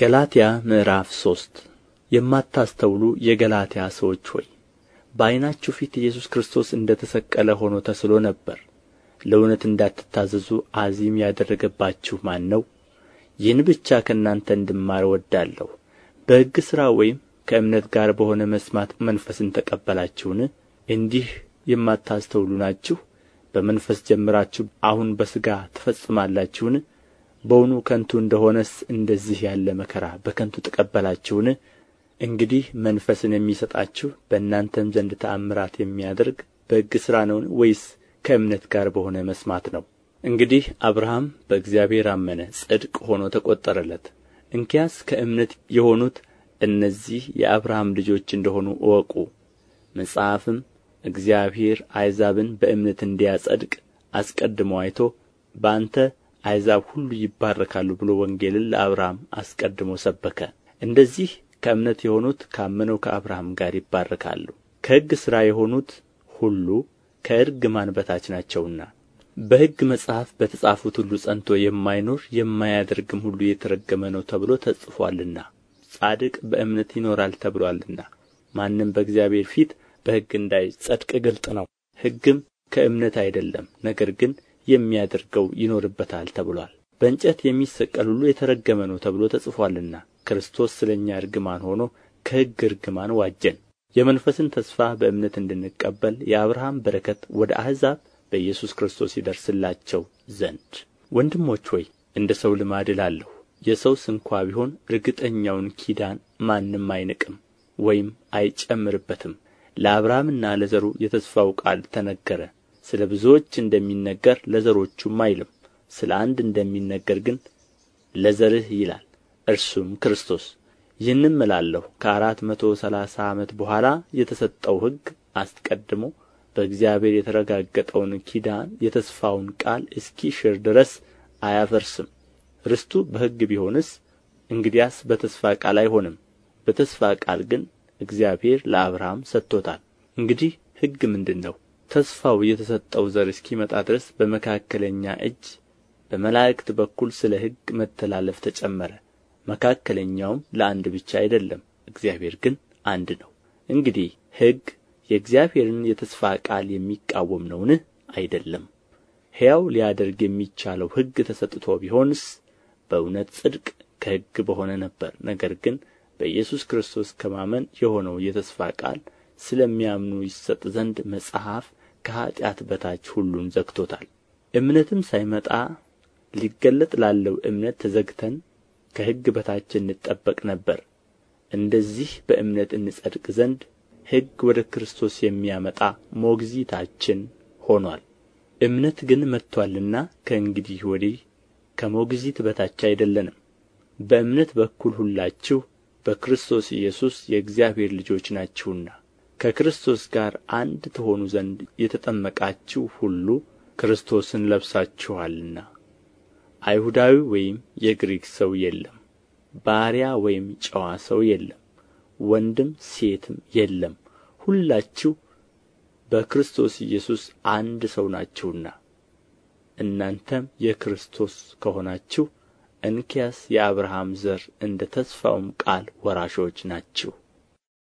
ገላትያ ምዕራፍ ሶስት የማታስተውሉ የገላትያ ሰዎች ሆይ በዓይናችሁ ፊት ኢየሱስ ክርስቶስ እንደ ተሰቀለ ሆኖ ተስሎ ነበር። ለእውነት እንዳትታዘዙ አዚም ያደረገባችሁ ማን ነው? ይህን ብቻ ከእናንተ እንድማር እወዳለሁ። በሕግ ሥራ ወይም ከእምነት ጋር በሆነ መስማት መንፈስን ተቀበላችሁን? እንዲህ የማታስተውሉ ናችሁ? በመንፈስ ጀምራችሁ አሁን በሥጋ ትፈጽማላችሁን? በውኑ ከንቱ እንደ ሆነስ እንደዚህ ያለ መከራ በከንቱ ተቀበላችሁን እንግዲህ መንፈስን የሚሰጣችሁ በእናንተም ዘንድ ተአምራት የሚያደርግ በሕግ ሥራ ነውን ወይስ ከእምነት ጋር በሆነ መስማት ነው? እንግዲህ አብርሃም በእግዚአብሔር አመነ፣ ጽድቅ ሆኖ ተቈጠረለት። እንኪያስ ከእምነት የሆኑት እነዚህ የአብርሃም ልጆች እንደሆኑ እወቁ። መጽሐፍም እግዚአብሔር አሕዛብን በእምነት እንዲያጸድቅ አስቀድሞ አይቶ በአንተ አሕዛብ ሁሉ ይባረካሉ ብሎ ወንጌልን ለአብርሃም አስቀድሞ ሰበከ እንደዚህ ከእምነት የሆኑት ካመነው ከአብርሃም ጋር ይባረካሉ ከሕግ ሥራ የሆኑት ሁሉ ከእርግማን በታች ናቸውና በሕግ መጽሐፍ በተጻፉት ሁሉ ጸንቶ የማይኖር የማያደርግም ሁሉ የተረገመ ነው ተብሎ ተጽፏልና ጻድቅ በእምነት ይኖራል ተብሎአልና ማንም በእግዚአብሔር ፊት በሕግ እንዳይጸድቅ ግልጥ ነው ሕግም ከእምነት አይደለም ነገር ግን የሚያደርገው ይኖርበታል ተብሏል በእንጨት የሚሰቀል ሁሉ የተረገመ ነው ተብሎ ተጽፎአልና ክርስቶስ ስለ እኛ እርግማን ሆኖ ከሕግ እርግማን ዋጀን የመንፈስን ተስፋ በእምነት እንድንቀበል የአብርሃም በረከት ወደ አሕዛብ በኢየሱስ ክርስቶስ ይደርስላቸው ዘንድ ወንድሞች ሆይ እንደ ሰው ልማድ እላለሁ የሰው ስንኳ ቢሆን እርግጠኛውን ኪዳን ማንም አይንቅም ወይም አይጨምርበትም ለአብርሃምና ለዘሩ የተስፋው ቃል ተነገረ ስለ ብዙዎች እንደሚነገር ለዘሮቹም አይልም ስለ አንድ እንደሚነገር ግን ለዘርህ ይላል እርሱም ክርስቶስ ይህንም እላለሁ ከአራት መቶ ሰላሳ ዓመት በኋላ የተሰጠው ሕግ አስቀድሞ በእግዚአብሔር የተረጋገጠውን ኪዳን የተስፋውን ቃል እስኪሽር ድረስ አያፈርስም ርስቱ በሕግ ቢሆንስ እንግዲያስ በተስፋ ቃል አይሆንም በተስፋ ቃል ግን እግዚአብሔር ለአብርሃም ሰጥቶታል እንግዲህ ሕግ ምንድን ነው ተስፋው የተሰጠው ዘር እስኪመጣ ድረስ በመካከለኛ እጅ በመላእክት በኩል ስለ ሕግ መተላለፍ ተጨመረ መካከለኛውም ለአንድ ብቻ አይደለም እግዚአብሔር ግን አንድ ነው እንግዲህ ሕግ የእግዚአብሔርን የተስፋ ቃል የሚቃወም ነውን አይደለም ሕያው ሊያደርግ የሚቻለው ሕግ ተሰጥቶ ቢሆንስ በእውነት ጽድቅ ከሕግ በሆነ ነበር ነገር ግን በኢየሱስ ክርስቶስ ከማመን የሆነው የተስፋ ቃል ስለሚያምኑ ይሰጥ ዘንድ መጽሐፍ ከኃጢአት በታች ሁሉን ዘግቶታል እምነትም ሳይመጣ ሊገለጥ ላለው እምነት ተዘግተን ከሕግ በታች እንጠበቅ ነበር እንደዚህ በእምነት እንጸድቅ ዘንድ ሕግ ወደ ክርስቶስ የሚያመጣ ሞግዚታችን ሆኗል። እምነት ግን መጥቶአልና ከእንግዲህ ወዲህ ከሞግዚት በታች አይደለንም በእምነት በኩል ሁላችሁ በክርስቶስ ኢየሱስ የእግዚአብሔር ልጆች ናችሁና ከክርስቶስ ጋር አንድ ትሆኑ ዘንድ የተጠመቃችሁ ሁሉ ክርስቶስን ለብሳችኋልና አይሁዳዊ ወይም የግሪክ ሰው የለም ባሪያ ወይም ጨዋ ሰው የለም ወንድም ሴትም የለም ሁላችሁ በክርስቶስ ኢየሱስ አንድ ሰው ናችሁና እናንተም የክርስቶስ ከሆናችሁ እንኪያስ የአብርሃም ዘር እንደ ተስፋውም ቃል ወራሾች ናችሁ